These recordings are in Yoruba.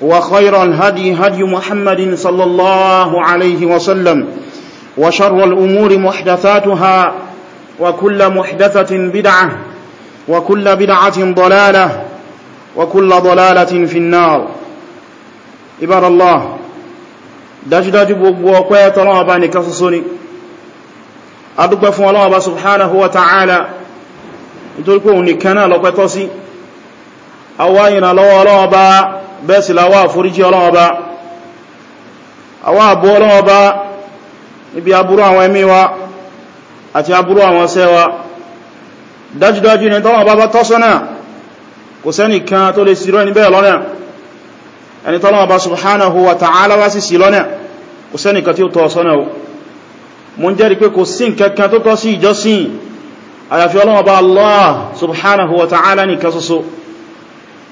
وخير الهدي هدي محمد صلى الله عليه وسلم وشر الأمور محدثاتها وكل محدثة بدعة وكل بدعة ضلالة وكل ضلالة في النار إبار الله dájúdájú gbogbo ọpẹ́ tọ́lọ́wọ́ bá nìkan ṣoṣo ni a dúpẹ́ fún Ọlọ́run Ọba subhanahu wa ta'ala nítorí pé òun nìkan náà lọ́pẹ́ tọ́ sí a wáyìnà lọ́wọ́ Ọlọ́run Ọba bẹ́ẹ̀ sì láwá àforíjì Ọlọ́run Ọba àwá àbú Ọlọ́run Ọba níbi aburú àwọn ẹ̀mí wa àti aburú àwọn ṣẹ́ wa dájúdájú ni tọ́wọ́n bá bá tọ́sọ́nà kò sẹ́nìkan tó lè ṣì irú bẹ́ẹ̀ lọ́nà ẹni tọ́lọ́wọ́ bá subhanahu wa ta'ala wá sí ta'ala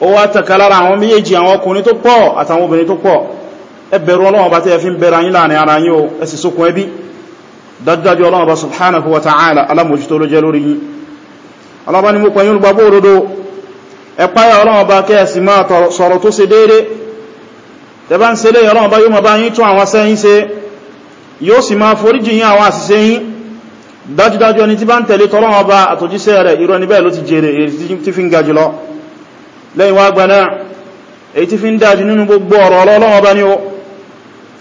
ó wá tàkà lára àwọn méjèèjì àwọn ọkùnrin tó pọ̀ àtàwọn obìnrin tó pọ̀ ẹ bẹ̀rù bá tẹ́ fi ń bẹ̀rẹ̀ yín láàrin ara yín o ẹ sì sókun ẹbí dájúdájú Ọlọ́run bá subhanahu wa ta'ala alámòjútó ló jẹ́ lórí yín alábá ni mú pẹ̀yìn olùgbàgbọ́ òdodo ẹ páyà Ọlọ́run bá kẹ́ ẹ sì máa sọ̀rọ̀ tó ṣe déédé tẹ́ bá ń ṣe lé Ọlọ́run bá yóò máa bá yín tún àwọn sẹ́yìn ṣe yóò dájúdájú ẹni tí bá ń tẹ̀lé tỌlọ́run bá àtòjíṣẹ́ rẹ̀ irú ẹni bẹ́ẹ̀ ló ti jèrè èyí tí fi ń ga jùlọ lẹ́yìn wá gbaná èyí tí fi ń dájú nínú gbogbo ọ̀rọ̀ Ọlọ́run bá ní o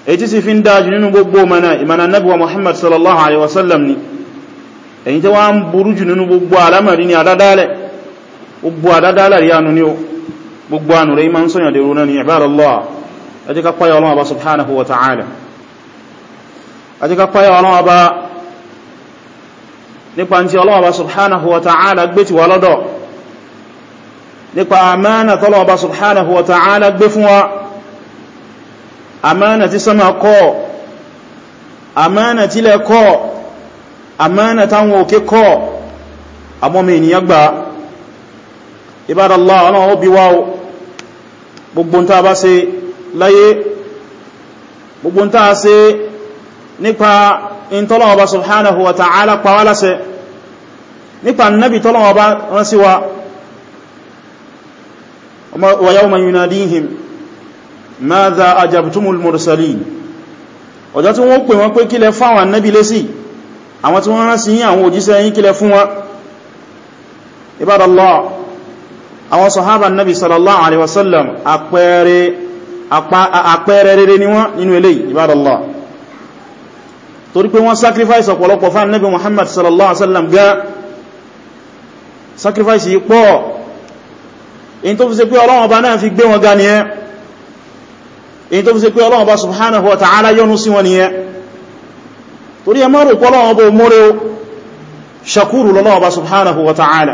èyí tí sì fi ń dájú nínú gbogbo mana ìmànà nabi wa Muhammad sallallahu alaihi wasallam ni èyí tí wá ń burú jù nínú gbogbo alamari ni adádálẹ̀ gbogbo adádálẹ̀ rí anu ni o gbogbo anu rẹ̀ ma ń sọ́yàn dèrò náà ni ibadallah ẹ jẹ́ nípa àmánà tọ́lọ̀ ọba subhanahu wa ta'ala gbé fún wa àmánà tí sánmà kọ́ àmánà tí lẹ kọ́ àmánà táwọn òkè kọ́ àmọ́mí ènìyàn gbà ibádàlá ọlọ́wọ́ bí wá gbogbo ta bá ṣe láyé gbogbo ta ṣe nípa in tọ́lọ̀ ọba subhanahu wa ta'ala pàwálásẹ nípa annabi tọ́lọ̀ ọba rán sí wa ويوم يناديهم ماذا أجبتم المرسلين ọjọ́ tí wọ́n pè wọ́n pé kílẹ̀ fún àwọn annabi lésì àwọn tí wọ́n rán sí àwọn òjíṣẹ́ yìí kílẹ̀ fún wọn ibadallá àwọn sọ̀hábà annabi sallallahu alaihi wasallam àpẹẹrẹ rere ni wọ́n nínú ilé ibadallá torí pé wọ́n sacrifice ọ̀pọ̀lọpọ̀ fún annabi muhammad sallallahu alaihi wasallam ga sacrifice yìí pọ̀ in tó fi ṣe pé Ọlọ́run bá náà fi gbé wọn ga ni ẹ́ in tó fi ṣe pé Ọlọ́run bá subhanahu wa ta'ala yọ́nú sí wọn ni ẹ́ torí ẹ mọ́rù pọ́lọ́wọ́n bó mọ́rẹ́ o ṣakúrù lọ́wọ́ bá subhanahu wa ta'ala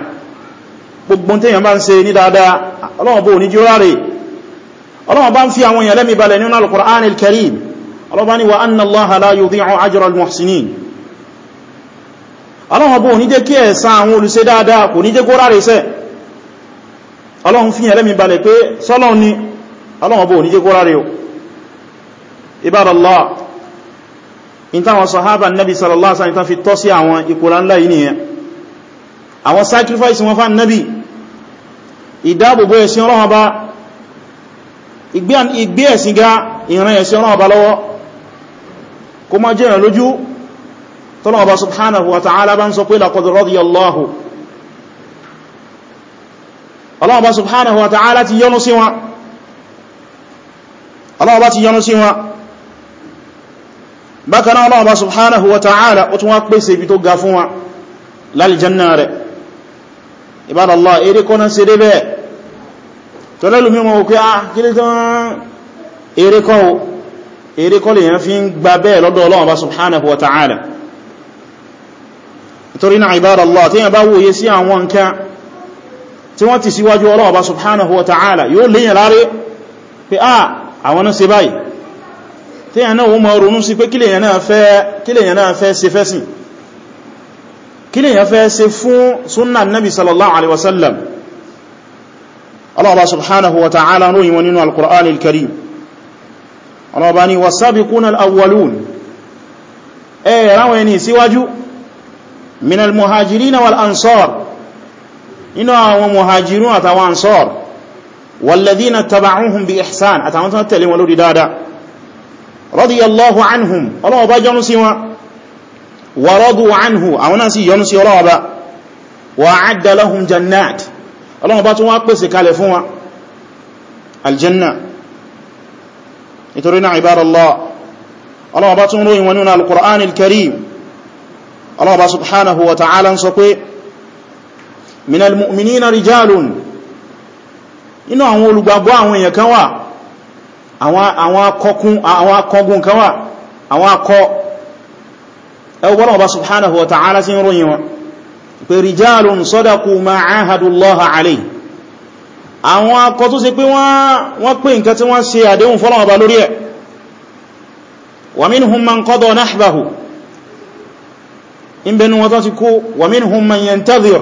gbogbo tí yẹn bá ń ṣe ní dáadáa Ọlọ́run bó ní jíra rẹ̀ Ọlọ́run bá ń fi àwọn èèyàn lẹ́mí balẹ̀ nínú al-Qur'an al-Karim Ọlọ́run bá wa anna Allaha la yudhi'u ajra al-muhsinin Ọlọ́run bó ní jẹ́ kí ẹ̀san àwọn olùṣe dáadáa kò ní jẹ́ kó rárẹ̀ sẹ́ẹ̀ ọlọ́run fi yẹn lẹ́mí balẹ̀ pé sọ́lọ́run ni ọlọ́run bó ní jẹ́ kóra rẹ̀ o ibadallah in táwọn sahaba nabi sallallahu alaihi wasallam fi tọ́ sí àwọn ìkóra ńlá yìí nìyẹn àwọn sacrifice wọn fán nabi ìdáàbòbò ẹ̀sìn ọlọ́run bá ìgbé ẹ̀sìn ga ìran ẹ̀sìn ọlọ́run bá lọ́wọ́ kó má jẹ́ ń sọ pé laqad radiyallahu Allah bá subhanahu wa ta'ala ti yọ́nú sí wọn Allah bá ti yọ́nú sí wọn bákan náà Allah bá subhanahu wa ta'ala ó tún wá pèsè ibi tó ga fún wọn lálìjanna rẹ̀ ibadallah eré kọ́nà ah, sí dé bẹ́ẹ̀ tó lẹ́lù mímọ̀ òkú tí wọ́n ti síwájú ọlọ́ọ̀bá subhanahu wa ta'ala yóò léyìn láre pé a ah, àwọn ṣe báyìí tí yàn náà wọ́n mọ̀ ronú sí pé kílèyàn náà fẹ́ ṣe fẹ́sìn kílèyàn fẹ́ ṣe fún súnnà nabi sallallahu alaihi wasallam ọlọ́ọ̀bá subhanahu wa ta'ala ròyìn wọn nínú alkur'an al-karim nínú àwọn muhajirun àtàwọn ansar walladhina taba'uhum bi ihsan àtàwọn tó tẹ̀lé wọn lórí dáadáa radiyallahu anhum Ọlọ́hun bá jọnu sí wọn wa radu anhu àwọn náà sì yọnu sí Ọlọ́hun bá wa a'adda lahum jannat Ọlọ́hun bá tún wá pèsè kalẹ̀ fún wọn aljanna nítorí náà ibadallah Ọlọ́hun bá tún ròyìn wọn nínú al-Qur'an al-Karim subhanahu wa ta'ala ń sọ pé minal mu'minina rijalun inú àwọn olùgbàgbọ́ àwọn èèyàn kan wà àwọn akọgun kan wà àwọn akọ ẹgbọ́n ọba subhanahu wa ta'ala sí ròyìn wọn pé rijalun sọ́dakù ma'ahadullaha alay àwọn akọ tó ṣe pé wọ́n pè nǹkan tí wọ́n ṣe àdéhùn fọ́lọ́wọ́ ba lórí ẹ̀ wa minhum man qada nahbahu in benu wọn tó ti kó wa minhum man yantadhir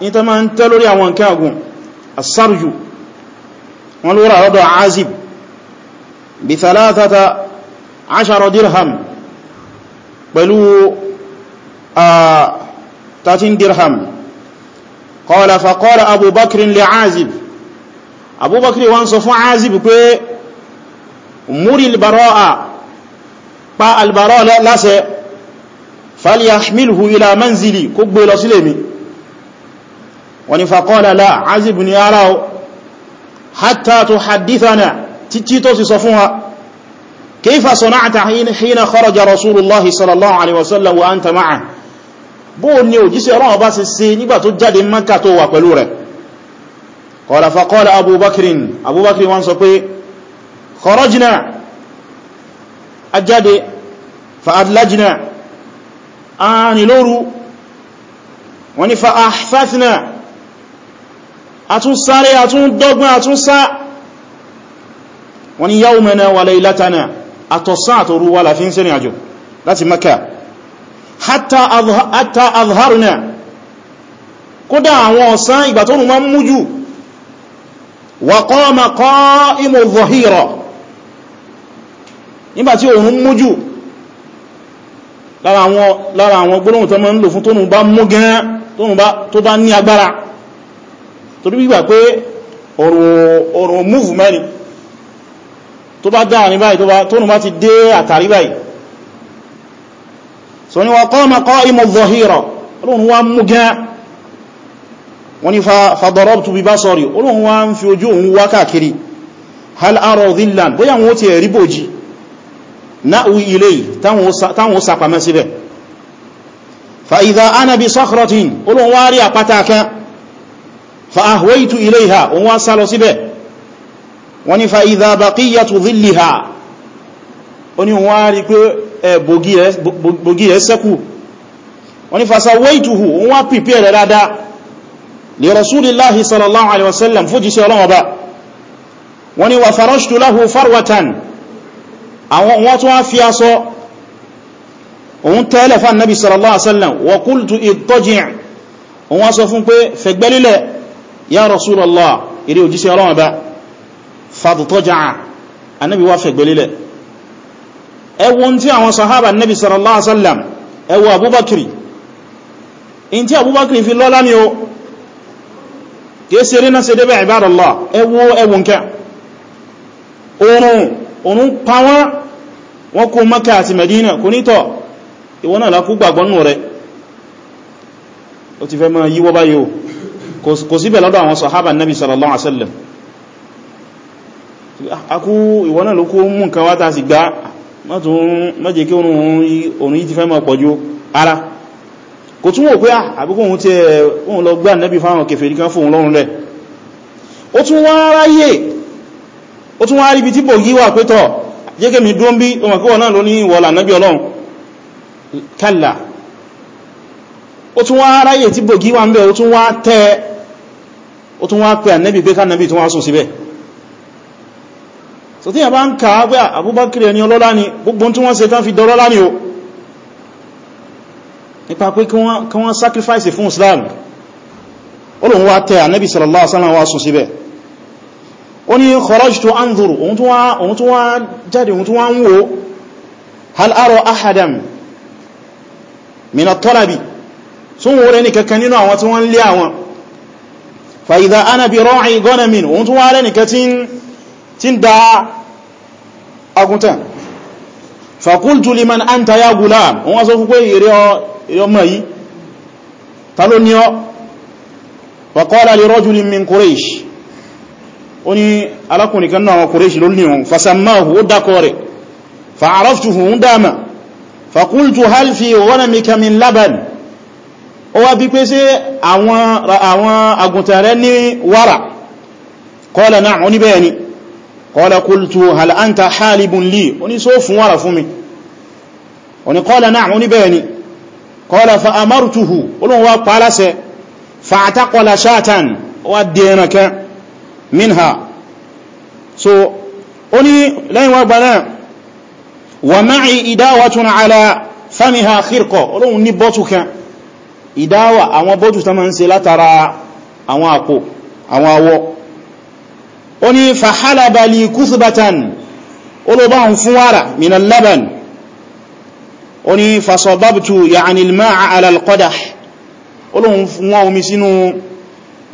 ní tó máa ń tẹ́ lórí àwọn nǹkan ọ̀gùn asarju wọn ló rà lọ́dọ̀ azib bí thalathata ashara dirham pẹ̀lú 13 dirham qala faqala abubakir li azib abubakir wọ́n sọ fún azib pé múrí albara'a pa albara'a lásẹ̀ falyahmilhu ila manzili kó gbé lọ sílé mi wọ́n ni fàkọ́lá láà azib ni ara o hatta tuhaddithana títí tó sì sọ fún wa kayfa sana'ta hina kharaja rasulullahi sallallahu alaihi wasallam wa anta ma'a bó ní òjíṣẹ́ ọlọ́run bá ṣe ṣe nígbà tó jáde Mákà tó wà pẹ̀lú rẹ̀ qala faqala abubakrin abubakrin wọ́n sọ pé kharajna ajáde fa'adlajna a ní lóru wọ́n ni àtún sáré àtún dọ́gbọ́n àtún sá wọ́n ni yawmana wa laylatana àtọ̀sán àtòru wà láfí ń sẹ́rìn àjò láti Makka hatta azharna kódà àwọn ọ̀sán ìgbà tó rùn mọ́ mú jù wa qama qa'imu dhahira nígbàtí òun mú jù lára àwọn gbólóhùn tó mọ́ ń lò fún tó bá ní agbára torí gbígbà pé ọ̀rọ̀ múùfù mẹ́rin tó bá dáa ní báyìí tó nù bá ti dé àtàrí báyìí so ni wa qama qa'imu adh-dhahira olóhun wa mú gán wọ́n ni fadarabtu bi basari olóhun wa ń fi ojú òun wá káàkiri hal ara dhillan bóyá wọ́n ti rí bòjì na'wi ilayhi táwọn sàpamẹ́ síbẹ̀ fa idha ana bi olóhun wa rí àpáta kan fa'ahwaitu ilaiha òun wá sálọ síbẹ̀ wọ́n ní fa'idha baqiyatu dhilliha ó ní wọ́n rí pé bògí rẹ̀ sẹ́kù wọ́n ní fasawaituhu òun wá pìpẹ́ rẹ̀ dáadáa li rasulillahi sallallahu alaihi wasallam fójísẹ́ ọlọ́wọ́ ba wọ́n ní wa farashtu lahu farwatan àwọn wọ́n tún ya rasulallah ire òjíṣẹ́ Ọlọ́run ba fadtaja'a annabi wá fẹ́ gbelele ẹwọ tí àwọn sahaba annabi sallallahu alaihi wasallam ẹwọ abubakiri in tí abubakiri fi lọ́lá ni o kèsèrè náà se débẹ̀ ibadallah ẹwọ ẹwọ nkẹ oòrùn oòrùn pàwọn wọn kó Mẹ́kà àti Mẹ́dínà kò nítọ̀ ìwọ́n náà lákú gbàgbọ́nù kò síbẹ̀ lọ́dọ̀ àwọn sahaba nabi sallallahu alaihi wasallam akú ìwọ náà ló kó mú nǹkan wá tàà sì gbá mọ́jẹ̀ kí òun yí ti fẹ́ mọ́ pọ̀jú ara kò túnwò pé ah, àbíkò òun tí òun lọ gbá nẹ́bí fáwọn kèfèrí kan fóun lọ́rùn rẹ̀ ó tún wá ráyè ó ó tún wá ráyè tí bògí wà ń bẹ̀ ó tún wá tẹ́ ó tún wá pẹ̀ ànẹ́bì pé kánàbì tún wá sùn síbẹ̀ so tí yàbá ń ká pé àbúbákiri ẹni ọlọ́lá ni gbogbo tí wọ́n ṣe kán fi dọ́lọ́lá ni o nípa pé kí wọ́n sacrifice fún Islam olóhun wá tẹ́ ànẹ́bì sallallahu min at-talabi so wọ́n rẹ̀ ní kankan nínú àwọn tí wọ́n lé àwọn fàíza ana bí rọ́ọ̀ì gọ́nàmìn òun tún wá rẹ̀ nìkan tí ń da agúntàn fàkúltù liman an ta ya gulam wọ́n wá sọ fún pé ìrẹ́ ọmọ yìí ta ló ní ọ́ fàkọ́lá lè ó wá bí pé ṣé àwọn àgùntàn rẹ̀ ní wàrà kọ́lá náà ó ní bẹ́ẹ̀ ni kọ́lá kultu hal anta halibun li ó ní só fún wàrà fún mi ó ní kọ́lá náà ó ní bẹ́ẹ̀ ni kọ́lá fa amartuhu olóhun wá pàálásẹ fa'ataqala shatan wá ìdáwà àwọn bọ́tù tán ma ń ṣe látara àwọn àpò àwọn awọ ó ní fàhálàbàlì kúsùbátàn olóbáhùn fún wàrà minan laban ó ní fasọ̀bábtù ya'anilmá alalqadah olóhun fún wọn omi sínú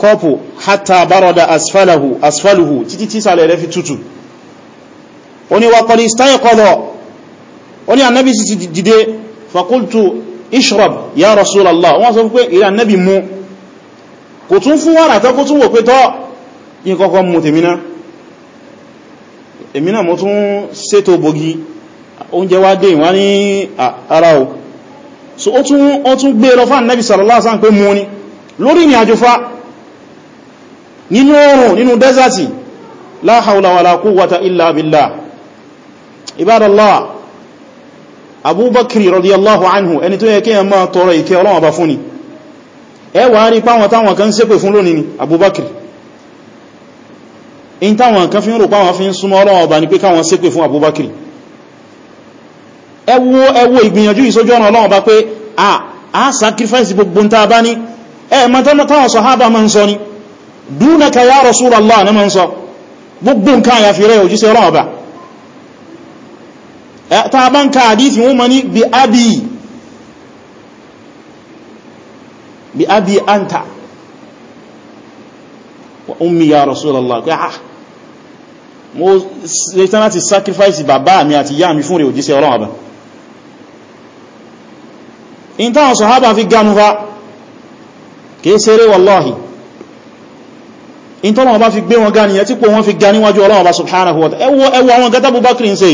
kọ́pù hátà bárọ̀dà asfalahu asfaluhu títí tí sàlẹ̀ rẹ̀ fi tútù ó ní wakọ̀lì ishrab ya rasulallah wọ́n sọ pé ìrà nẹ́bì mú kò tún fún wàrà tó kó tún wò pé tọ́ yí kọ́kọ́ mú tèmínà èmínà mọ́ tún sétò bogi oúnjẹ wá dé wá ní ara o so ó tún ó tún gbé lọ fán nẹ́bì sallallahu alaihi ibadallah abúbákiri radiyallahu anhu ẹni tó yẹ kí ẹmà tọrọ ìkẹ́ ọlọ́wọ́ bá fún ni ẹ wà rí páwọn táwọn kan ṣépè fún lónìí ni abúbákiri in táwọn kan fi ń rò páwọn fi ń súnmọ́ ọlọ́wọ́ bá ní pé káwọn ṣépè fún abúbákiri ẹ wo ẹ wo ìgbìyànjú ìsójú ọ̀nà ọlọ́wọ́ bá pé a a sacrifice gbogbo ta bá ní ẹ mọ́ táwọn sọ̀hábà nǹkan àyàfi rẹ̀ òjíṣẹ́ ọlọ́wọ́ ta bá ń ka àdísì wọ́n mọ́ ní bí abi bí abi anta wa ummi ya rasulallah pé ah mo retán láti sacrifice bàbá mi àti ìyá mi fún rẹ̀ òjíṣẹ́ ọlọ́wọ́ bá in táwọn sọ̀hábà fi gánu fa kìí ṣeré wallahi in tọ́lọ̀wọ́ bá fi gbé wọn gá ẹ̀ tí pò wọn fi gá níwájú ọlọ́wọ́ bá subhanahu wa ta'ala àwọn gátàbù bákìrí ń ṣe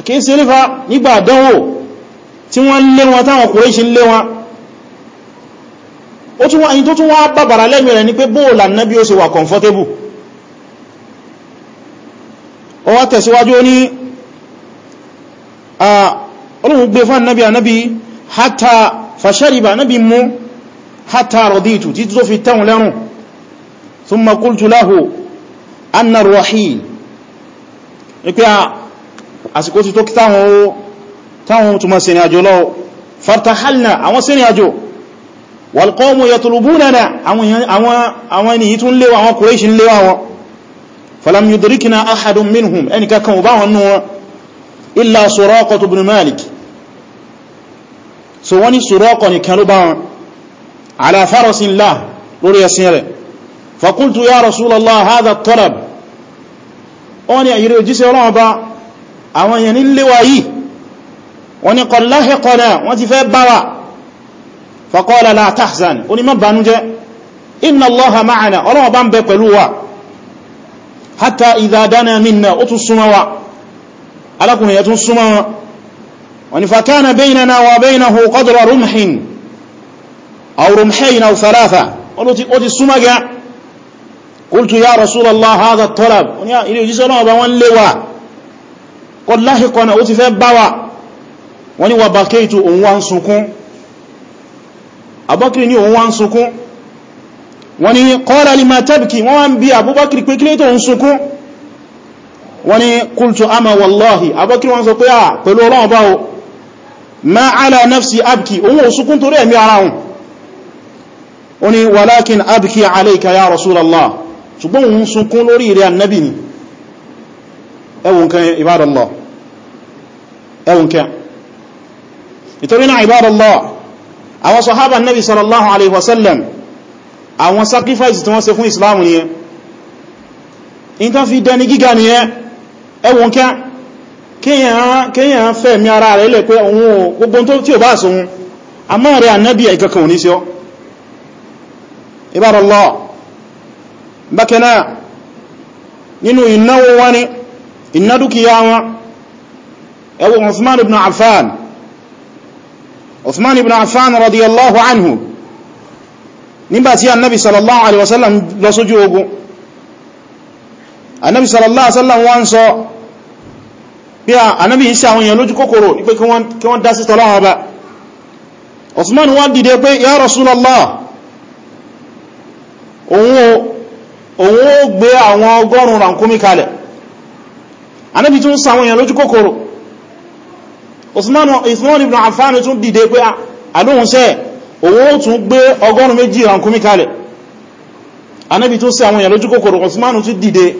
kìí sí rífà nígbà àdánwò tí wọ́n lé wọn táwọn Kùrẹ́ṣì lé wọn ó tún wáyí tó tún wá bàbàrà lẹ́mì rẹ̀ ní pé bóòlà nábí ó sì wà comfortable ó wá tẹ̀síwájú ní ọlọ́run gbé fún nábí ànábí hátà fàṣẹ́rìbà nábí mú hátà rọ̀dìtù títí tó fi tẹ́hùn lẹ́rùn thumma qultu a àsìkò ti tó kí táwọn túnmọ̀ sí ìrìnàjò lọ́wọ́ fartahalna àwọn sí ìrìnàjò walqawmu yatlubunana àwọn ènìyàn tún léwà àwọn Quraysh ń léwà wọn falam yudrikna ahadun minhum ẹni kankan ò bá wọn nù wọn illa Suraqatu ibn Malik so wọ́n ni Suraqa nìkan ló bá wọn ala farasin lah lórí ẹ̀sìn rẹ̀ fa qultu ya Rasulallah hadha at-talab wọ́n ni àyírí òjísẹ́ ọlọ́wọ́ àwọn èèyàn ní léwà yìí wọ́n ni kọláhẹ́kọ́nà wọ́n ti fẹ́ báwà faqala la tahzan ó ní má banújẹ́ inna allaha ma'ana ọlọ́wọ́ bá ń bẹ pẹ̀lú wa hatta idha dana minna ó tún súnmọ́ wa alákùnrin yẹ tún súnmọ́ wa wọ́n ni fakana baynana wa baynahu qadra kọ láhìkọ́nà ó ti fẹ́ bá wà wọ́n ni wà bá kéètù òun wá ń sunkún abọ́kiri ní òun wá ń sunkún wọ́n ni qala lima tabki wọ́n wá ń bí abúbọ́kiri pé kílé tó ń sunkún wọ́n ni qultu ama wallahi abọ́kiri ẹwùn kan ibadallah ẹwùn kan ìtorí náà ibadallah àwọn sahaba nabi sallallahu alaihi wasallam àwọn sacrifice tí wọ́n ṣe fún islam nìyẹn in tán fi dẹni gíga nìyẹn ẹwùn kan kíyàn fẹ́ mi ara rẹ̀ ilẹ̀ pé ohun gbogbo tí ó bá sóhun a máa rẹ̀ annabi ẹ̀kọ̀kan òní sí ọ ibadallah iná dúkìá wọn ẹwọ Uthman ibn Affan Uthman ibn Affan radiyallahu anhu nígbàtí annabi sallallahu alaihi wasallam lọ sójú ogun annabi sallallahu alaihi wasallam wọ́n sọ bí a annabi iṣẹ́ àwọn èèyàn lójú kòkòrò ní pé kí wọ́n dá sí tọ́lọ́wọ́ bá Uthman wọ́n dìde pé ya Rasulallah òun ó gbé àwọn ọgọ́rùn-ún rankumi kalẹ̀ anábi tún sáwọn èèyàn lójú kòkòrò Usman ibn Affan tún dìde pé alóhun ah, sẹ́ owó tún gbé ọgọ́rùn méjì rankumi kalẹ̀ anábi tún sáwọn èèyàn lójú kòkòrò Usman tún dìde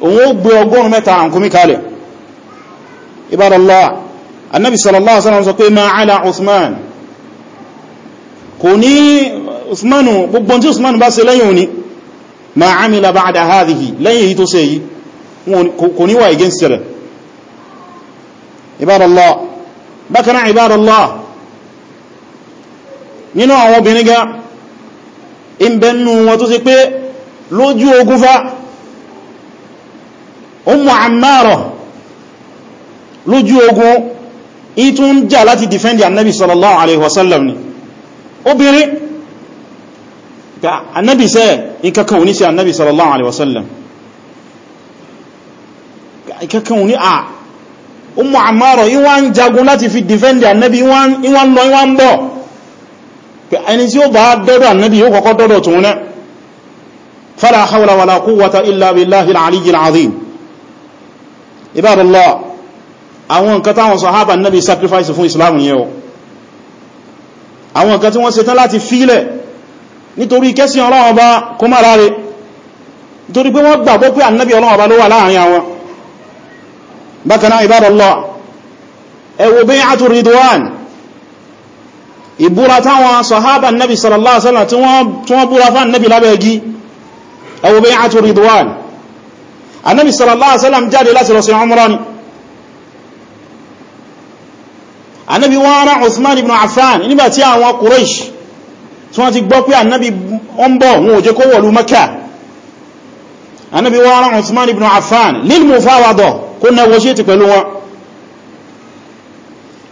owó gbé ọgọ́rùn mẹ́ta rankumi kalẹ̀ ibadallah annabi sallallahu alaihi wasallam sọ pé ma ala Usman kò ní Usmanu gbogbo tí Usmanu bá ṣe lẹ́yìn òní ma amila ba'da hadhihi lẹ́yìn èyí tó ṣe yìí kò níwà against rẹ̀ ibadallah bákanáà ibadallah nínú àwọn obìnrin ga in bẹnu wọn tó ṣe pé lójú ogun fa Ummu Ammara lójú ogun ìtún jà láti defend annabi sallallahu alaihi wasallam ni obìnrin ga annabi sẹ́ in kankan wuni sí annabi sallallahu alaihi wasallam kankan ò ní à Ummu Ammara ìwá ń jagun láti fi defend annabi ìwá ń lọ ìwá ń bọ̀ pé ẹni tí ó bá dọ́dọ̀ annabi yóò kọ́kọ́ dọ́dọ̀ tó náà fala hawla wala quwwata illa billahi al-aliyyil azim ibadallah àwọn nǹkan táwọn sahaba annabi sacrifice fún islam yẹn o àwọn nǹkan tí wọ́n ṣetán láti fílẹ̀ nítorí kẹ́sìn ọlọ́wọ́ pé wọ́n gbàgbọ́ pé annabi ọlọ́wọ́ bá ló wà láàrin àwọn bákaná ibádọ́lọ́ ẹwọ bí a tún ridwan ìbúra táwọn sahaban nabi sallallahu alaihi wasallam tí wọ́n búra fán nabi lábẹ́gi ẹwọ bí a tún ridwan annabi sallallahu alaihi wasallam jáde láti lọ sí umrah ni annabi wọ́n rán Uthman ibn Affan nígbàtí àwọn Quraysh tí wọ́n ti gbọ́ pé annabi wọ́n bọ̀ wọn ò jẹ́ kó wọ̀lú Makkah annabi wọ́n rán Uthman ibn Affan lil mufawadah kó negotiate pẹ̀lú wọn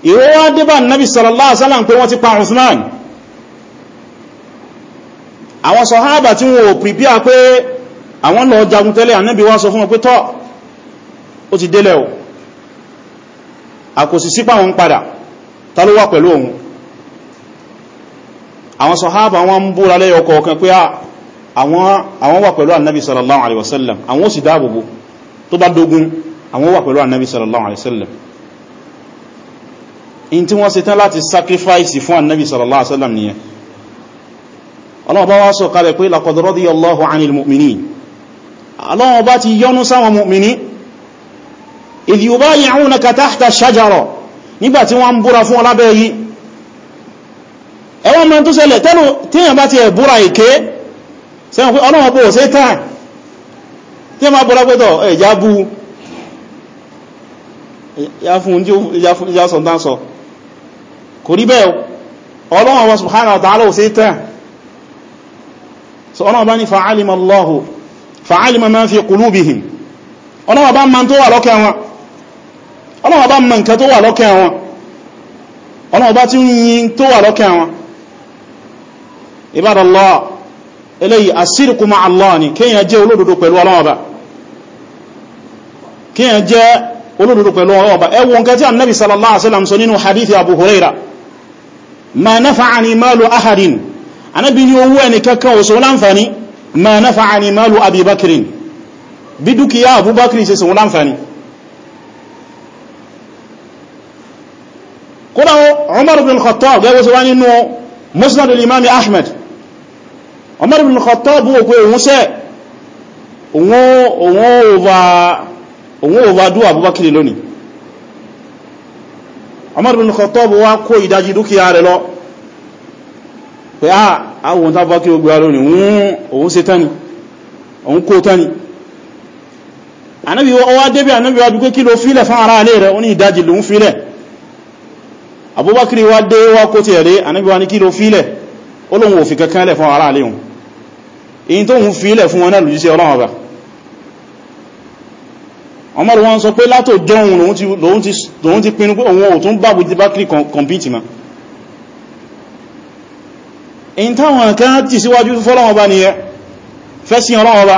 ìwọ́ wá débà nabi sallallahu alaihi pé wọ́n ti pa Usman àwọn sọ̀háàbà tí wọ́n ò prepare pé àwọn lọ jagun tẹ́lẹ̀ ànábì wá sọ fún wọn pé tọ́ ó ti délẹ̀ o àkòsì sípà wọn padà ta ló wà pẹ̀lú òun àwọn sọ̀háàbà wọn ń búra lẹ́yọ kọ̀ọ̀kan pé ah, àwọn wà pẹ̀lú àwọn ó sì àwọn wà pẹ̀lú annabi sallallahu alaihi wasallam in tí wọ́n ṣe tán láti sacrifice fún annabi sallallahu alaihi wasallam nìyẹn ọlọ́wọ́ bá wá sọ kalẹ̀ pé laqad radiyallahu anil mu'minin ọlọ́wọ́ bá ti yọ́nú sáwọn mu'mini idh yubayi'unaka tahta shajara nígbàtí wọ́n ń búra fún ọlábẹ́ yìí ẹwọ́n mẹ́rin tó ṣẹlẹ̀ tẹ́lù tíyàn bá ti ẹ̀ búra ìké sẹ́wọ̀n pé ọlọ́wọ́ bó ṣe tán tí wọ́n búra pẹ́tọ̀ ẹ̀jábú ya fún tí ó ya sọ dánsọ kò rí bẹ́ẹ̀ Ọlọ́run wa subhanahu wa ta'ala ò sí tẹ́ so Ọlọ́run bá ní fa'alima Allahu fa'alima ma fi qulubihim Ọlọ́run bá ma tó wà lọ́kẹ́ wọn Ọlọ́run bá ma nǹkan tó wà lọ́kẹ́ wọn Ọlọ́run bá tí ń yin tó wà lọ́kẹ́ wọn ibadallah eléyìí asírìkú ma Allah ni kíyàn jẹ́ olódodo pẹ̀lú Ọlọ́run bá kíyàn jẹ́ olódodo pẹ̀lú ọba ẹwọ nǹkan tí annabi sallallahu alaihi wasallam sọ nínú hadithi abu huraira ma nafa'ani malu ahadin anabi ni owó ẹni kankan ó ṣe láǹfààní ma nafa'ani malu abubakirin bí dúkìá abubakirin ṣe ṣe láǹfààní kódà umar ibn khattab gẹ́gẹ́ sí wá nínú musnad al-imam ahmed umar ibn khattab wọ́n pé òun sẹ́ òun over òun ò bá dú àbúbákiri lónìí Umar bin Khattab wá kó ìdájí dúkìá rẹ̀ lọ pé á àwọn tàbákiri ó gbé lónìí òun ṣe tani òun kó tani anábi ọwá débí anábi wá dúkẹ́ kí ló fílẹ̀ fún ara alẹ́ rẹ̀ ó ní ìdájí lòun fílẹ̀ àbúbákiri wá dé wá kó ti ẹ̀rẹ́ anábi wá ní kí ló fílẹ̀ ó lóun òfin kankanlẹ̀ fún ara alẹ́ hùn èyí tó hùn fílẹ̀ fún wọn náà lòjíṣẹ́ ọlọ́run ọba Umar wọ́n sọ pé látò jọun lòun ti pinnu pé òun ò tún bá Abu Bakri kọmpítì ma in táwọn kan ti síwájú fọ́lọ́wọ́ bá nìyẹn fẹ́sìn ọlọ́wọ́ bá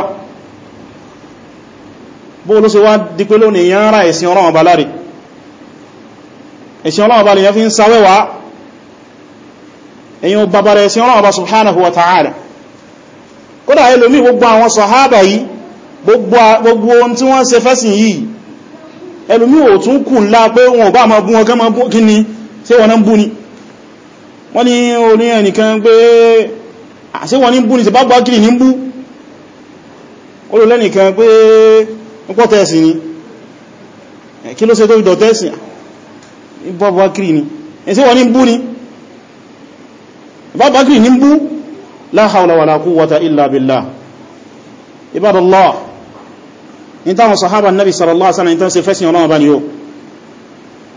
bó ló ṣe wá di pé lónìí yán ra ẹ̀sìn ọlọ́wọ́ bá láre ẹ̀sìn ọlọ́wọ́ bá lèyàn fi ń sáwẹ́wà èyàn bàbàrẹ̀ ẹ̀sìn ọlọ́wọ́ bá subhanahu wa ta'ala gbogbo ohun tí wọ́n ṣe fẹ́sìn yìí ẹlùmí ò tún kù ńlá pé wọn ò bá ma bú wọn kán ma bú kí ni ṣé wọn ń bú ni wọ́n ní orí ẹnìkan pé àṣé wọn ní bú ni tẹbá gbákìrì ní bú olólẹ́nìkan pé pọ́ tẹ́ẹ̀sì ni kí ló ṣe tó ìdọ̀ tẹ́ẹ̀sì bọ́bákìrì ni ṣé wọn ní bú ni bọ́bákìrì ní bú billah ibadallah in táwọn sahaba nabi sallallahu alaihi wasallam in tán ṣe fẹ́sìn ọlọ́wọ́ bá ni yóò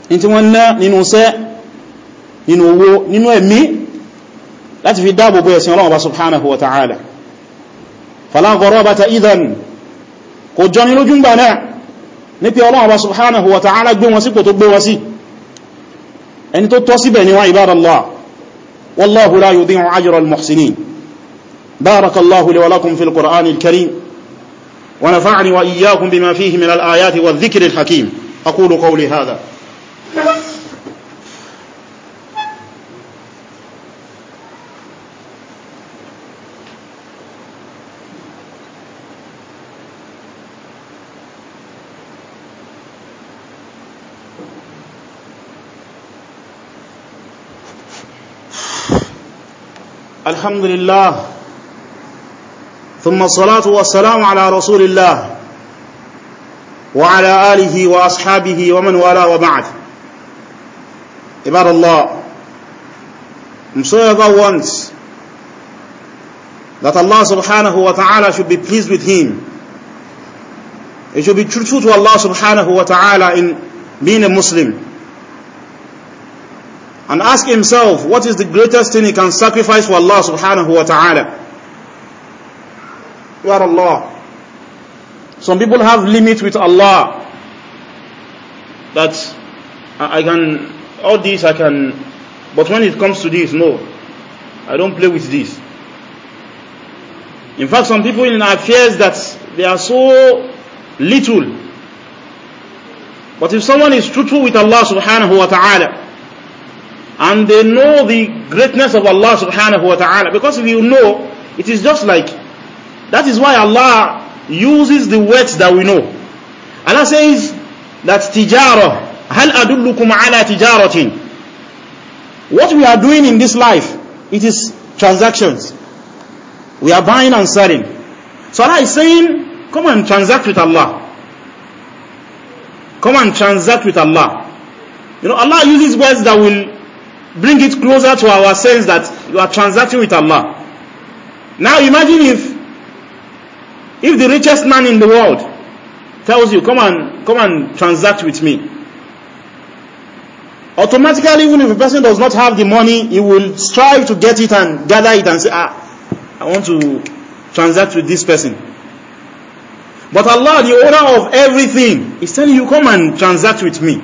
in tí wọ́n ná nínú sẹ́ nínú owó nínú ẹ̀mí láti fi dáàbò bó ẹ̀sìn ọlọ́wọ́ bá subhanahu wa ta'ala fala gharabata idhan kò jọ ní lójú gbà náà ní pé ọlọ́wọ́ bá subhanahu wa ta'ala gbé wọn sípò tó gbé wọn sí ẹni tó tọ́ síbẹ̀ ni wọ́n ibadallah wallahu la yudhi'u ajra al-muhsinin barakallahu li wa lakum karim ونفعني وإياكم بما فيه من الآيات والذكر الحكيم أقول قولي هذا الحمد لله ثم الصلاة والسلام على رسول الله وعلى آله وأصحابه ومن ولا وبعد إبار الله مصيدة وانس that Allah subhanahu wa ta'ala should be pleased with him he should be true to Allah subhanahu wa ta'ala in being a Muslim and ask himself what is the greatest thing he can sacrifice for Allah subhanahu wa ta'ala you are Allah. Some people have limits with Allah. That I can, all this I can, but when it comes to this, no. I don't play with this. In fact, some people in affairs that they are so little. But if someone is truthful with Allah subhanahu wa ta'ala, and they know the greatness of Allah subhanahu wa ta'ala, because if you know, it is just like that is why Allah uses the words that we know. Allah says that tijara, hal adullukum ala tijaratin. What we are doing in this life, it is transactions. We are buying and selling. So Allah is saying, come and transact with Allah. Come and transact with Allah. You know, Allah uses words that will bring it closer to our sense that you are transacting with Allah. Now imagine if If the richest man in the world tells you, come and, come and transact with me, automatically even if a person does not have the money, he will strive to get it and gather it and say, ah, I want to transact with this person. But Allah, the owner of everything, is telling you, come and transact with me.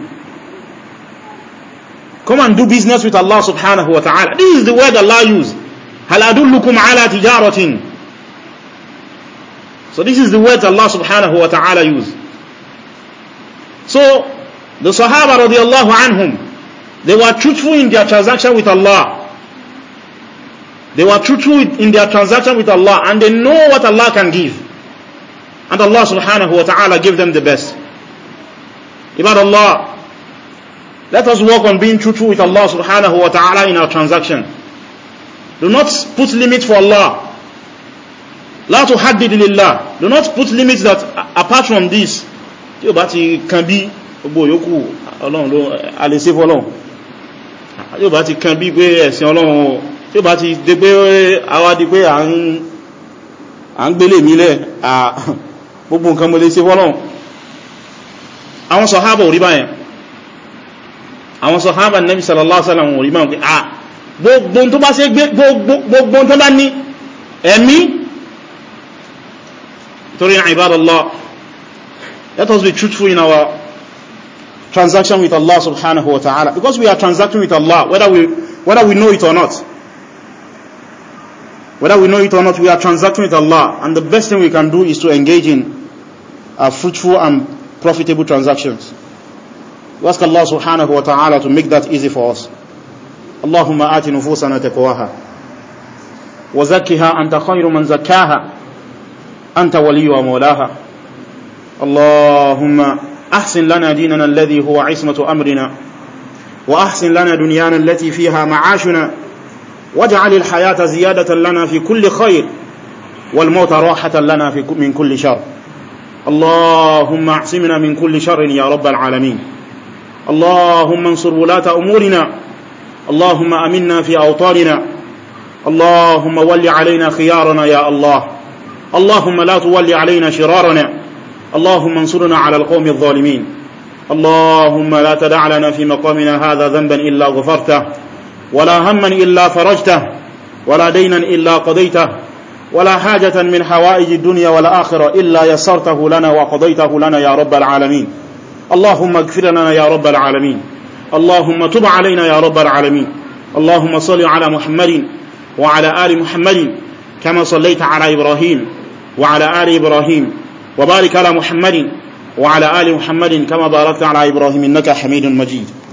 Come and do business with Allah subhanahu wa ta'ala. This is the word Allah used. هل ala tijaratin." So this is the words Allah subhanahu wa ta'ala used. So the Sahaba radiallahu anhum, they were truthful in their transaction with Allah. They were truthful in their transaction with Allah and they know what Allah can give. And Allah subhanahu wa ta'ala gave them the best. Ibad Allah, let us work on being truthful with Allah subhanahu wa ta'ala in our transaction. Do not put limit for Allah. la tuhaddid lillah do not put limits that apart from this tí ó bá ti kan bí gbogbo yòókù Ọlọ́run ló a lè ṣe fọ́lọ́run tí ó bá ti kan bí pé ẹ̀sìn Ọlọ́run o tí ó bá ti dé pé àwa di pé à ń gbélé mi lẹ́ gbogbo nǹkan mo lè ṣe fọ́lọ́run àwọn sàhábà ò rí báyẹn àwọn sàhábà Nabi sallallahu alaihi wasallam ò rí báyẹn gbogbo tó bá ní ẹ̀mí Today, ibad Allah, let us be truthful in our transaction with Allah subhanahu wa ta'ala. Because we are transacting with Allah, whether we, whether we know it or not. Whether we know it or not, we are transacting with Allah. And the best thing we can do is to engage in uh, fruitful and profitable transactions. We ask Allah subhanahu wa ta'ala to make that easy for us. Allahu آت نفوسنا تقواها وزكها أنت خير من زكاها أنت ولي ومولاها اللهم أحسن لنا ديننا الذي هو عصمة أمرنا وأحسن لنا دنيانا التي فيها معاشنا واجعل الحياة زيادة لنا في كل خير والموت راحة لنا في من كل شر اللهم اعصمنا من كل شر يا رب العالمين اللهم انصر ولاة أمورنا اللهم أمنا في أوطاننا اللهم ول علينا خيارنا يا الله اللهم لا تولي علينا شرارنا اللهم انصرنا على القوم الظالمين اللهم لا تدع لنا في مقامنا هذا ذنبا إلا غفرته ولا هما إلا فرجته ولا دينا إلا قضيته ولا حاجة من حوائج الدنيا والآخرة إلا يسرته لنا وقضيته لنا يا رب العالمين اللهم اغفر لنا يا رب العالمين اللهم تب علينا يا رب العالمين اللهم صل على محمد وعلى آل محمد كما صليت على إبراهيم وعلى آل إبراهيم وبارك على محمد وعلى آل محمد كما باركت على إبراهيم إنك حميد مجيد